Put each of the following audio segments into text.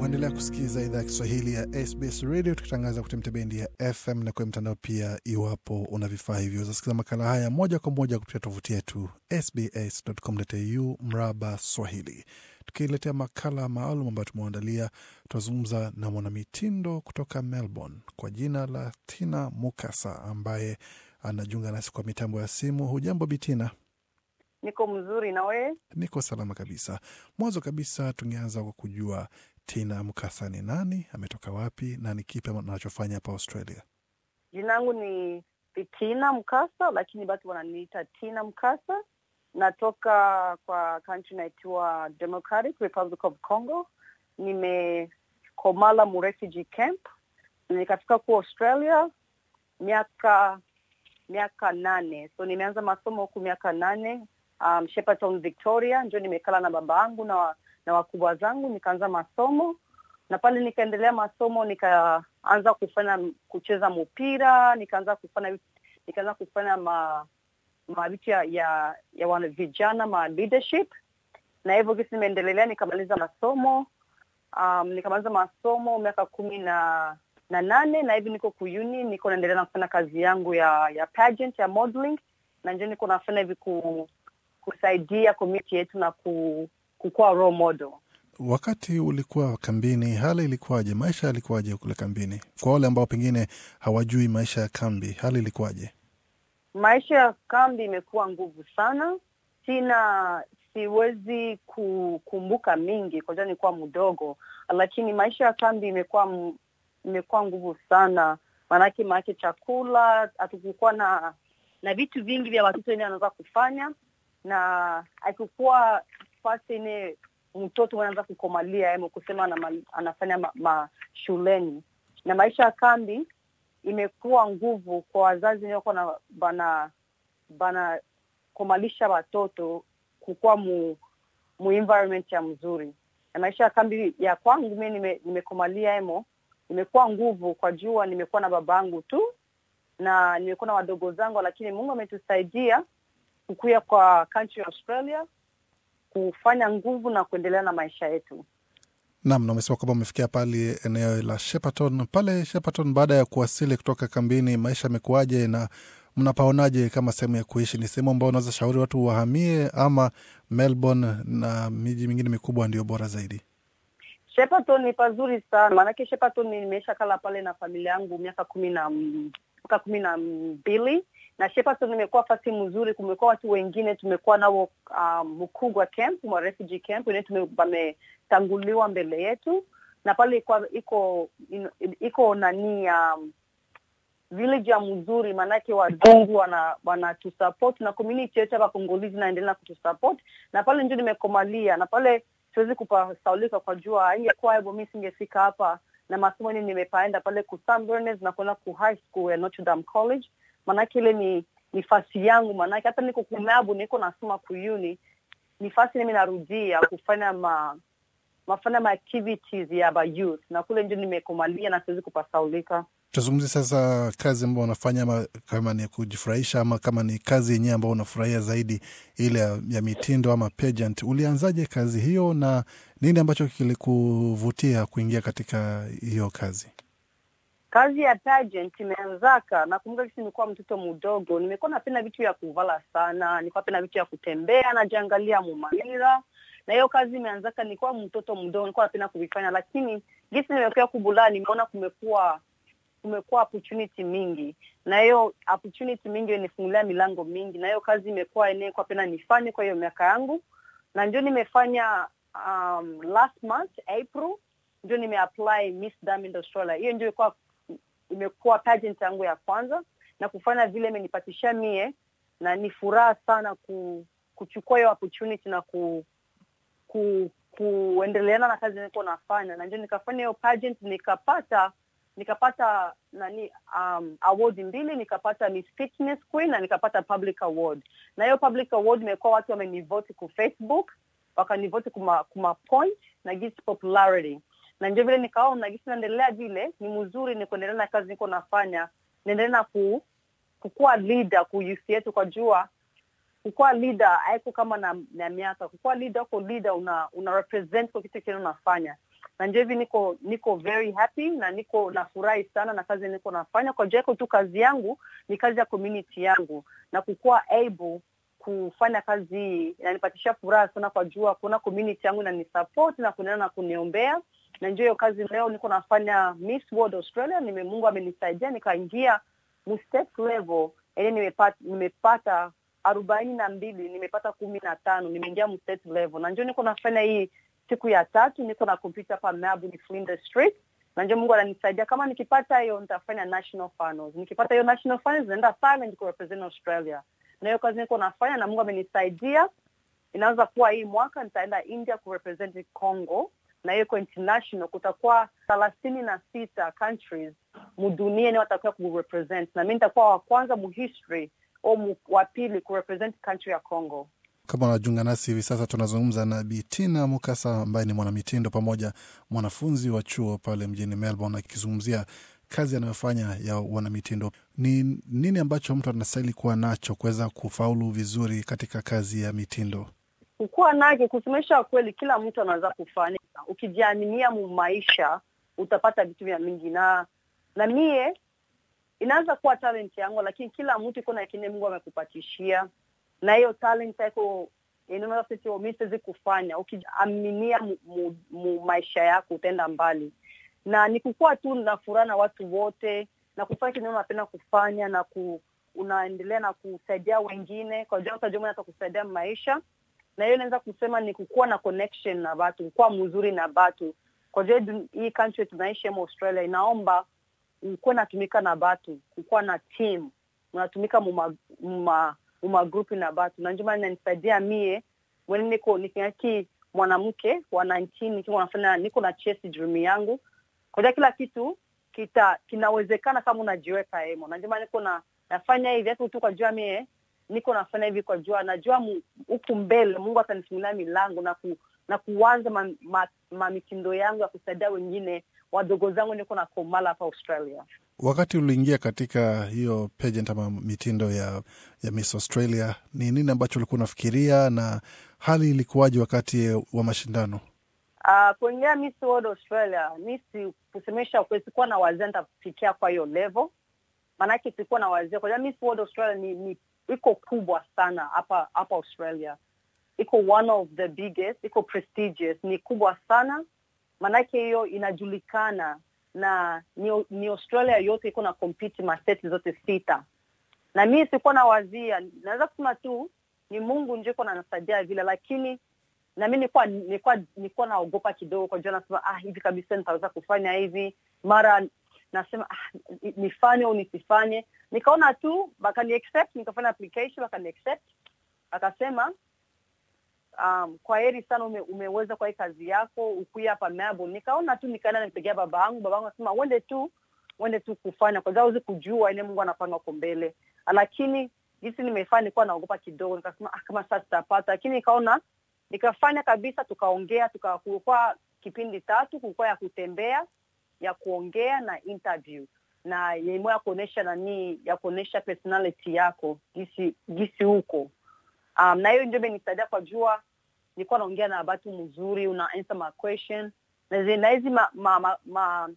Waendelea kusikiliza idhaa ya Kiswahili ya SBS Radio tukitangaza kupitia bendi ya FM na kwenye mtandao pia. Iwapo una vifaa hivyo, zasikiza makala haya moja kwa moja kupitia tovuti yetu sbs.com.au mraba Swahili. Tukiletea makala maalum ambayo tumeandalia tutazungumza na mwanamitindo kutoka Melbourne kwa jina la Tina Mukasa ambaye anajiunga nasi kwa mitambo ya simu. Hujambo Bitina? Niko mzuri na Niko salama kabisa. Mwanzo kabisa tungeanza kwa kujua Tina Mkasa ni nani, ametoka wapi na ni kipi anachofanya hapa Australia? Jina langu ni Tina Mkasa, lakini basi wananiita Tina Mkasa. Natoka kwa kantri inaitiwa Democratic Republic of Congo. Nimekomala mu refugee camp, nikafika ku Australia miaka miaka nane. So nimeanza masomo huku miaka nane um, Shepherdton Victoria, njo nimekala na baba angu na na wakubwa zangu, nikaanza masomo na pale nikaendelea masomo, nikaanza kufanya kucheza mpira, nikaanza kufanya nikaanza kufanya ma mavitu ya, ya, ya wana vijana ma leadership, na hivyo kisi nimeendelelea, nikamaliza masomo um, nikamaliza masomo miaka kumi na na nane na hivi niko kuyuni, niko naendelea na kufanya kazi yangu ya ya pageant, ya modeling na nje niko nafanya hivi ku, kusaidia komiti yetu na ku kukuwa role model. Wakati ulikuwa kambini, hali ilikuwaje? Maisha yalikuwaje kule kambini, kwa wale ambao pengine hawajui maisha ya kambi? Hali ilikuwaje? Maisha ya kambi imekuwa nguvu sana, sina siwezi kukumbuka mingi kwa nilikuwa mdogo, lakini maisha ya kambi imekuwa imekuwa nguvu sana, maanake maake chakula hatukukuwa na na vitu vingi vya watoto wenyewe wanaweza kufanya, na akikuwa nafasi ni mtoto anaanza kukomalia emo yaani kusema anama, anafanya ma, mashuleni na maisha ya kambi imekuwa nguvu kwa wazazi nioko na bana banakomalisha watoto kukuwa mu, mu environment ya mzuri na maisha ya kambi ya kwangu mi nime, nimekomalia emo imekuwa nguvu kwa jua nimekuwa na babangu tu na nimekuwa na wadogo zangu, lakini Mungu ametusaidia kukuya kwa country Australia kufanya nguvu na kuendelea na maisha yetu. Nam, na umesema kwamba umefikia pale eneo la Shepparton. Pale Shepparton, baada ya kuwasili kutoka kambini, maisha yamekuwaje na mnapaonaje kama sehemu ya kuishi? Ni sehemu ambao unaweza shauri watu wahamie, ama Melbourne na miji mingine mikubwa ndio bora zaidi? Shepparton ni pazuri sana, maanake Shepparton nimeisha kala pale na familia yangu miaka kumi na mpaka kumi na mbili na Shepparton imekuwa fasi mzuri. Kumekuwa watu wengine tumekuwa nao uh, Mukugwa um, camp mwa refugee camp wametanguliwa mbele yetu, na pale iko iko nani ya um, village ya mzuri, maanake wazungu wanatusupport wana na community yetu hapa Kongolizi inaendelea kutusupport, na pale ndio nimekomalia, na pale siwezi kupasaulika kwa jua ingekuwa hivyo mi singefika hapa na masomoni nimepaenda pale ku na kuenda ku high school ya Notre Dame College, maanake ile ni nifasi yangu, maanake hata niko kumeabu niko nasoma kuyuni nifasi nimi narudia kufanya ma mafanya ma activities ya ba youth na kule ndio nimekomalia na siwezi kupasaulika tuzungumzi sasa kazi ambao unafanya ama kama ni kujifurahisha ama kama ni kazi yenyewe ambao unafurahia zaidi ile ya mitindo ama pageant. Ulianzaje kazi hiyo na nini ambacho kilikuvutia kuingia katika hiyo kazi? Kazi ya pageant imeanzaka, nakumbuka kisi nilikuwa mtoto mdogo, nimekuwa napenda vitu ya kuvala sana, nilikuwa napenda vitu ya kutembea najiangalia mumanira na hiyo kazi imeanzaka, nilikuwa mtoto mdogo, nilikuwa napenda kuvifanya, lakini gisi nimekea kubulaa, nimeona kumekuwa kumekuwa opportunity mingi, na hiyo opportunity mingi inifungulia milango mingi, na hiyo kazi imekuwa kwa pena nifanye kwa hiyo miaka yangu, na ndio nimefanya um, last month April ndio nimeapply Miss Diamond Australia. Hiyo ndio ilikuwa imekuwa pageant yangu ya kwanza na kufanya vile imenipatishia mie, na ni furaha sana ku, kuchukua hiyo opportunity na ku, ku kuendeleana na kazi nilikuwa nafanya, na ndio nikafanya hiyo pageant nikapata nikapata nani um, award mbili nikapata Miss Fitness Queen na nikapata public award, na hiyo public award imekuwa watu wamenivoti ku Facebook wakanivoti kuma, kuma point na jinsi popularity na ndio vile nikaona jinsi naendelea vile ni mzuri, ni kuendelea na kazi niko nafanya, naendelea na ku, kukuwa leader ku yetu kwa jua kukuwa leader haiko kama na, na miaka kukuwa leader uko leader una, una represent kwa kitu kile unafanya na ndio hivi niko niko very happy na niko nafurahi sana na kazi niko nafanya kwa jeko tu kazi yangu ni kazi ya community yangu na kukuwa able kufanya kazi hii inanipatisha furaha sana kwa jua kuna community yangu inanisupport na kunaona na kuniombea na ndio hiyo kazi leo niko nafanya Miss World Australia nime Mungu amenisaidia nikaingia level nimepata, nimepata arobaini na mbili nimepata kumi na tano nimeingia mstate level, na njio niko nafanya hii siku ya tatu, niko na kompyuta hapa Meabu ni Flinders Street, na ndio Mungu ananisaidia. Kama nikipata hiyo nitafanya national finals, nikipata hiyo national finals naenda Thailand niko represent Australia, na hiyo kazi niko nafanya na Mungu amenisaidia. Inaweza kuwa hii mwaka nitaenda India kurepresent Congo, na hiyo international. Kutakuwa thelathini na sita countries mudunia ni watakuwa kurepresent na mi nitakuwa wa kwanza muhistory au wa pili kurepresent country ya Congo. Kama unajunga nasi hivi sasa, tunazungumza na Bitina Mukasa ambaye ni mwanamitindo pamoja mwanafunzi wa chuo pale mjini Melbourne, akizungumzia kazi anayofanya ya wanamitindo. Ni nini ambacho mtu anastahili kuwa nacho kuweza kufaulu vizuri katika kazi ya mitindo? Kukuwa nacho, kusimamisha kweli, kila mtu anaweza kufanya. Ukijiaminia mu maisha utapata vitu vya mingi, na na mie inaweza kuwa talent yangu, lakini kila mtu iko na kile Mungu amekupatishia, na hiyo talent yako misiwezi kufanya ukiaminia maisha yako utaenda mbali, na ni kukuwa tu na furaha na watu wote na kufanya kile unapenda kufanya na ku, unaendelea na kusaidia wengine kwa hata kusaidia maisha, na hiyo inaweza kusema ni kukuwa na connection na watu, kukuwa mzuri na watu. Kwa hii country tunaishi Australia inaomba ukuwe natumika na batu kukuwa na team unatumika muma, na batu na nanisaidia mie weni niko nikiaki mwanamke wananchini nafanya niko na chesi drimi yangu kwaja kila kitu kita kinawezekana kama unajiweka hemo na niko na nafanya hivi hata tu kwajua mie niko nafanya hivi kwa jua najua huku mbele mungu atanifungulia milango na ku, na kuanza mamitindo ma, ma yangu ya kusaidia wengine wadogo zangu niko na Komala hapa Australia. Wakati uliingia katika hiyo pageant ama mitindo ya, ya Miss Australia, ni nini ambacho ulikuwa unafikiria na hali ilikuwaje wakati wa mashindano? Uh, kuingia Miss World Australia, mi sikusemesha kweli, sikuwa na wazia nitafikia kwa hiyo level, maanake sikuwa na wazia kwa Miss World Australia ni, ni iko kubwa sana hapa hapa Australia, iko one of the biggest, iko prestigious, ni kubwa sana maanake hiyo inajulikana na ni, ni Australia yote iko na kompiti mastate zote sita, na mii sikuwa na wazia naweza kusema tu ni Mungu ndio iko nanasaidia vile, lakini na mi nikuwa nikuwa nikuwa naogopa kidogo, kwa jua nasema ah, hivi kabisa nitaweza kufanya hivi, mara nasema ah, nifanye au nisifanye. Nikaona tu bakani accept, nikafanya application accept, akasema um, kwa heri sana ume, umeweza kwa hii kazi yako ukuya hapa mabo. Nikaona tu nikaenda nipigia baba angu, baba angu anasema uende tu uende tu kufanya kwa sababu kujua ile Mungu anapanga huko mbele, lakini jinsi nimefanya nilikuwa naogopa kidogo, nikasema ah, kama sasa tutapata, lakini nikaona nikafanya kabisa, tukaongea tukakuwa kipindi tatu, kulikuwa ya kutembea, ya kuongea na interview na yemo ya kuonesha nani ya kuonesha personality yako jinsi jinsi huko, um, na hiyo ndio imenisaidia kwa jua nilikuwa naongea na watu mzuri, una answer ma question na hizi ma, ma, ma, ma,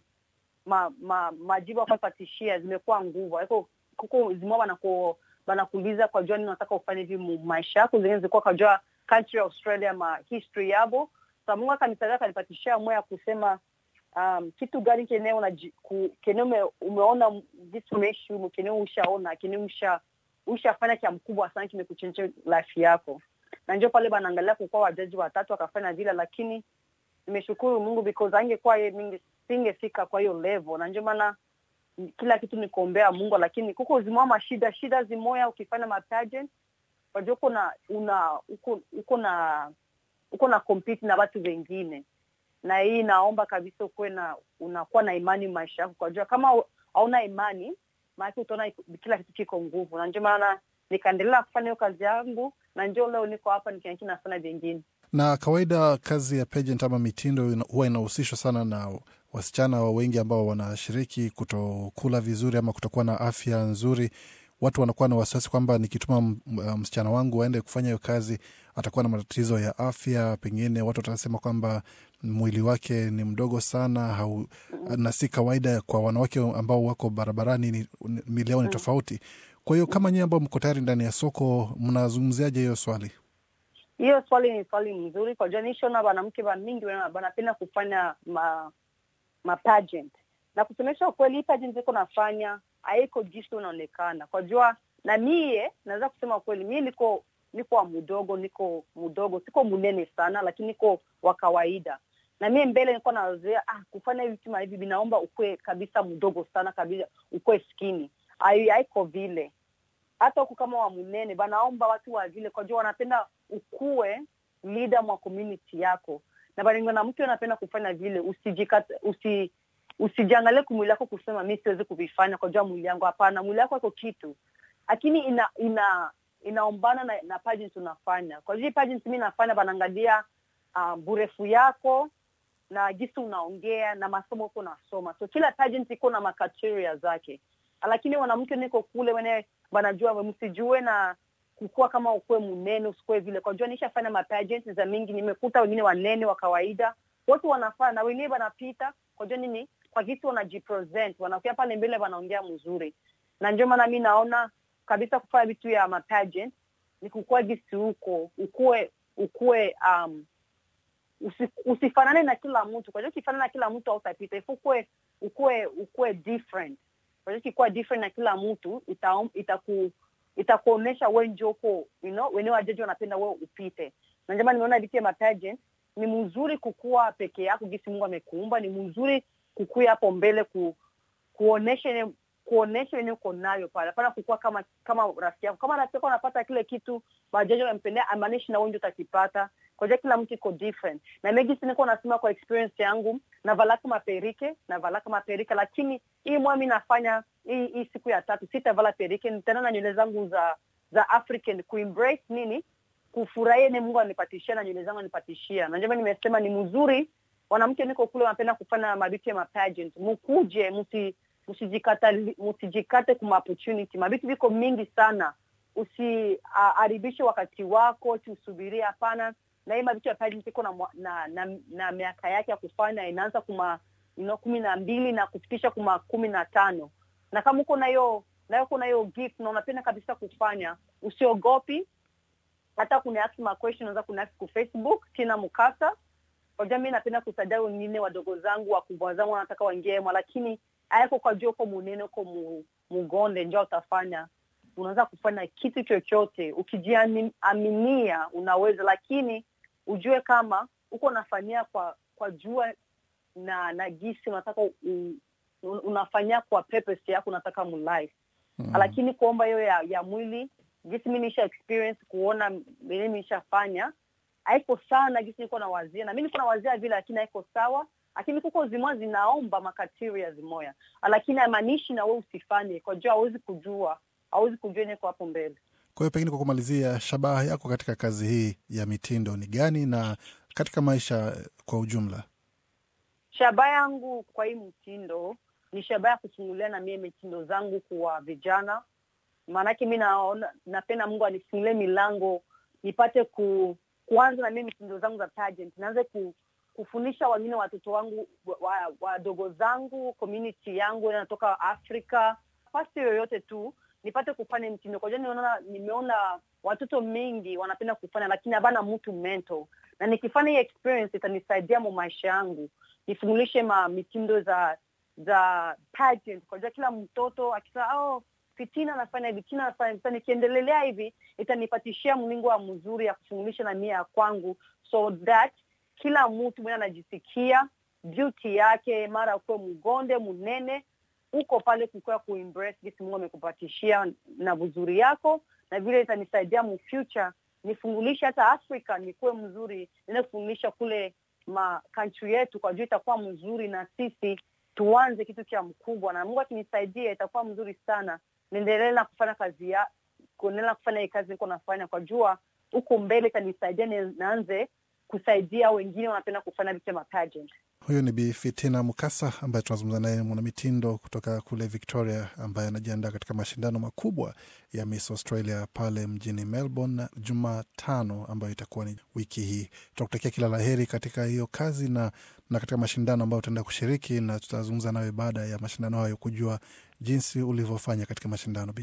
ma, ma, ma, akapatishia zimekuwa nguvu aiko kuko zimua banako banakuuliza kwa jua nini ufanye hivi maisha yako, zingine zilikuwa kwa jua country ya Australia ma history yabo. Sa Mungu akanisaidia kanipatishia moyo ya kusema um, kitu gani kenye una kenye ume, umeona vitu umeishi humo kenye ushaona kenye usha ushafanya kia mkubwa sana kimekuchenja life yako na ndio pale banaangalia kukuwa wajaji watatu wakafanya vile, lakini nimeshukuru Mungu because angekuwa ye singefika kwa hiyo level, na ndio maana kila kitu ni kuombea Mungu, lakini kuko zimoa mashida shida zimoya. Ukifanya ma wajua uko na una uko, uko na uko na compete na watu wengine, na hii naomba kabisa ukuwe na unakuwa na imani maisha yako, kwajua kama hauna imani maanake utaona kila kitu kiko nguvu, na ndio maana nikaendelea kufanya hiyo kazi yangu, na njo leo niko hapa nikianki nafanya vingine. Na kawaida kazi ya pageant ama mitindo huwa inahusishwa sana na wasichana wa wengi ambao wanashiriki kutokula vizuri ama kutokuwa na afya nzuri. Watu wanakuwa na wasiwasi kwamba nikituma msichana wangu aende kufanya hiyo kazi atakuwa na matatizo ya afya, pengine watu watasema kwamba mwili wake ni mdogo sana hau, na si kawaida kwa wanawake ambao wako barabarani. Ni, ni, mileo ni tofauti. Kwa hiyo kama nyie ambao mko tayari ndani ya soko, mnazungumziaje hiyo swali? Hiyo swali ni swali mzuri kwa janishona. Wanamke wamingi wanapenda kufanya ma, ma pageant na kusemesha ukweli, hii pageant iko nafanya haiko jinsi unaonekana kwa jua. Na mie naweza kusema ukweli, mie niko niko mdogo, niko mdogo, siko mnene sana, lakini niko wa kawaida na mie mbele nilikuwa nazoea ah, kufanya hivi vitu hivi vinaomba ukwe kabisa mdogo sana kabisa, ukwe skini haiko vile hata huku kama wa munene banaomba watu wa vile kwa jua wanapenda ukuwe lida mwa community yako na baninga na mtu anapenda kufanya vile usijikata usi usijiangalie kumwili yako kusema mi siwezi kuvifanya kwa jua mwili yangu hapana mwili yako iko kitu lakini ina ina inaombana na, na unafanya kwa jua pageants mi nafanya banaangalia uh, ah, burefu yako na gisi unaongea na masomo uko unasoma so kila pageant iko na makriteria zake lakini wanamke niko kule wene wanajua msijue na kukua kama ukuwe mnene usikue vile kwa jua nishafanya mapageant za mingi, nimekuta wengine wanene wa kawaida, watu wanafaa na wengine wanapita kwa jua nini, kwa kisi wanajipresent, wanakua pale mbele wanaongea mzuri, na ndio maana mi naona kabisa kufanya vitu ya mapageant ni kukua gisi huko ukue ukue um, usi, usifanane na kila mtu. Kwa jua ukifanana na kila mtu autapita ifu ukue ukue different unaweza different na kila mtu, itakuonyesha itaku itakuonesha we njoko you know, wenyewe wajaji wanapenda wee upite. Na jama nimeona ya mataje ni mzuri kukua peke yako gisi Mungu amekuumba, ni mzuri kukuya hapo mbele ku, kuonesha kuonesha yenyewe uko nayo pale, hapana kukua kama kama rafiki yako. Kama rafiki yako anapata kile kitu majaji wanampendea, amaanishi na wewe utakipata koja kila mtu iko different na megisi niko nasema kwa experience yangu navalaka maperike navalaka maperike lakini hii mwami nafanya hii hii siku ya tatu sitavala perike nitaenda na nywele zangu za za african kuembrace nini kufurahia ni mungu anipatishia na nywele zangu anipatishia najama nimesema ni mzuri wanamke niko kule wanapenda kufanya mabitu ya mapagent mukuje msi msijikate msijikate kuma opportunity mabitu viko mingi sana usiharibishe wakati wako usiusubirie hapana naye Mavichwa Padri iko na, na, na, na miaka yake ya kufanya inaanza kuma ino kumi na mbili na kufikisha kuma kumi na tano na kama uko na hiyo na hiyo gift na unapenda kabisa kufanya, usiogopi hata kuna ask ma question, unaweza kuna ask ku Facebook Tina Mukasa. Kwa jamii napenda kusaidia wengine wadogo zangu wakubwa zangu wanataka waingie mwa lakini hayako kwa jua uko munene uko mugonde njoo utafanya. Unaweza kufanya kitu chochote ukijiaminia, unaweza lakini ujue kama uko unafanyia kwa kwa jua na na gisi unataka unafanyia kwa purpose yako unataka mulai mm. Lakini kuomba hiyo ya, ya mwili gisi mi nisha experience kuona mimi nishafanya haiko sawa na gisi nilikuwa nawazia na mi niko nawazia vile, lakini haiko sawa lakini kuko zimoa zinaomba makatiria zimoya, lakini haimaanishi na we usifanye kwa jua, hawezi kujua hawezi kujua niko hapo mbele. Kwa hiyo pengine kwa kumalizia, shabaha yako katika kazi hii ya mitindo ni gani na katika maisha kwa ujumla? Shabaha yangu kwa hii mtindo ni shabaha ya kusimulia na mie mitindo zangu kwa vijana, maanake mi naona napenda Mungu anifungulie milango nipate ku, kuanza na mie mitindo zangu za pageant, naanze ku, kufundisha wengine watoto wangu wadogo wa, wa zangu community yangu natoka Afrika, fasi yoyote tu nipate kufanya mtindo kwa jani. nimeona watoto mengi wanapenda kufanya, lakini habana mtu mentor, na nikifanya hii experience itanisaidia mu maisha yangu, nifungulishe ma mitindo za za pageant. Kwa jua kila mtoto akisema oh, fitina anafanya hivi, fitina anafanya hivi, nikiendelelea hivi itanipatishia mlingo wa mzuri ya kufungulisha na mia ya kwangu, so that kila mtu mwenye anajisikia beauty yake, mara kuwe mgonde munene uko pale kukiwa kuimpress jinsi Mungu amekupatishia na vuzuri yako, na vile itanisaidia mu nifungulishe hata Afrika nikuwe mzuri, niende kufungulisha kule makantri yetu, kwa juu itakuwa mzuri na sisi tuanze kitu cha mkubwa, na Mungu akinisaidia itakuwa mzuri sana. Niendelee na kufanya kazi ya kuendelea kufanya hii kazi niko nafanya, kwa jua huko mbele itanisaidia naanze kusaidia wengine wanapenda kufanya vitu vya Huyu ni bfitina Mukasa ambaye tunazungumza naye mwanamitindo kutoka kule Victoria, ambaye anajiandaa katika mashindano makubwa ya Miss Australia pale mjini Melbourne Jumatano, ambayo itakuwa ni wiki hii. Tunakutakia kila la heri katika hiyo kazi na, na katika mashindano ambayo utaenda kushiriki, na tutazungumza nawe baada ya mashindano hayo kujua jinsi ulivyofanya katika mashindano, Bi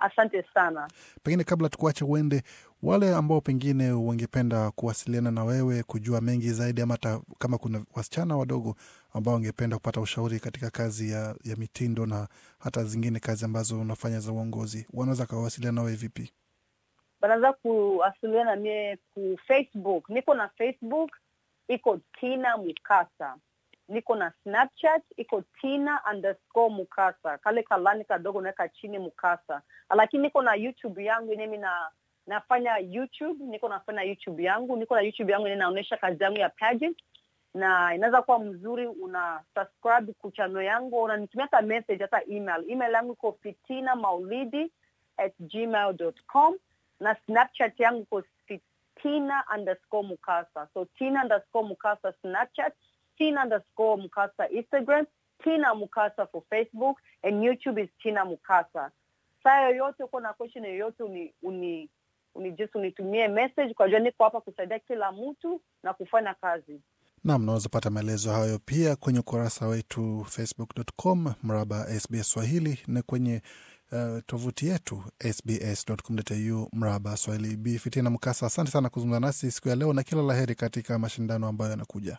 Asante sana. Pengine kabla tukuache uende, wale ambao pengine wangependa kuwasiliana na wewe kujua mengi zaidi, ama hata kama kuna wasichana wadogo ambao wangependa kupata ushauri katika kazi ya, ya mitindo na hata zingine kazi ambazo unafanya za uongozi, wanaweza kawasiliana na wewe vipi? Wanaweza kuwasiliana mie ku Facebook, niko na Facebook iko Tina Mukasa niko na Snapchat iko tina underscore mukasa, kale kalani kadogo naweka chini mukasa, lakini niko na YouTube yangu yenyewe na nafanya YouTube, niko nafanya YouTube yangu, niko na YouTube yangu yenyewe naonyesha kazi yangu ya pageant, na inaweza kuwa mzuri, una subscribe kuchano yangu, unanitumia hata message, hata email. Email yangu iko fitina maulidi at gmail.com na Snapchat yangu iko fitina underscore mukasa, so tina underscore mukasa Snapchat Tina underscore Mukasa Instagram, Tina Mukasa for Facebook and YouTube is Tina Mukasa. Saa yoyote uko na question yoyote uni, uni, uni just unitumie message kwa jua niko hapa kusaidia kila mtu na kufanya kazi. Naam, naweza pata maelezo hayo pia kwenye ukurasa wetu facebook.com mraba SBS Swahili na kwenye uh, tovuti yetu sbs.com.au mraba Swahili. Bi Fitina Mkasa, asante sana kuzungumza nasi siku ya leo na kila laheri katika mashindano ambayo yanakuja.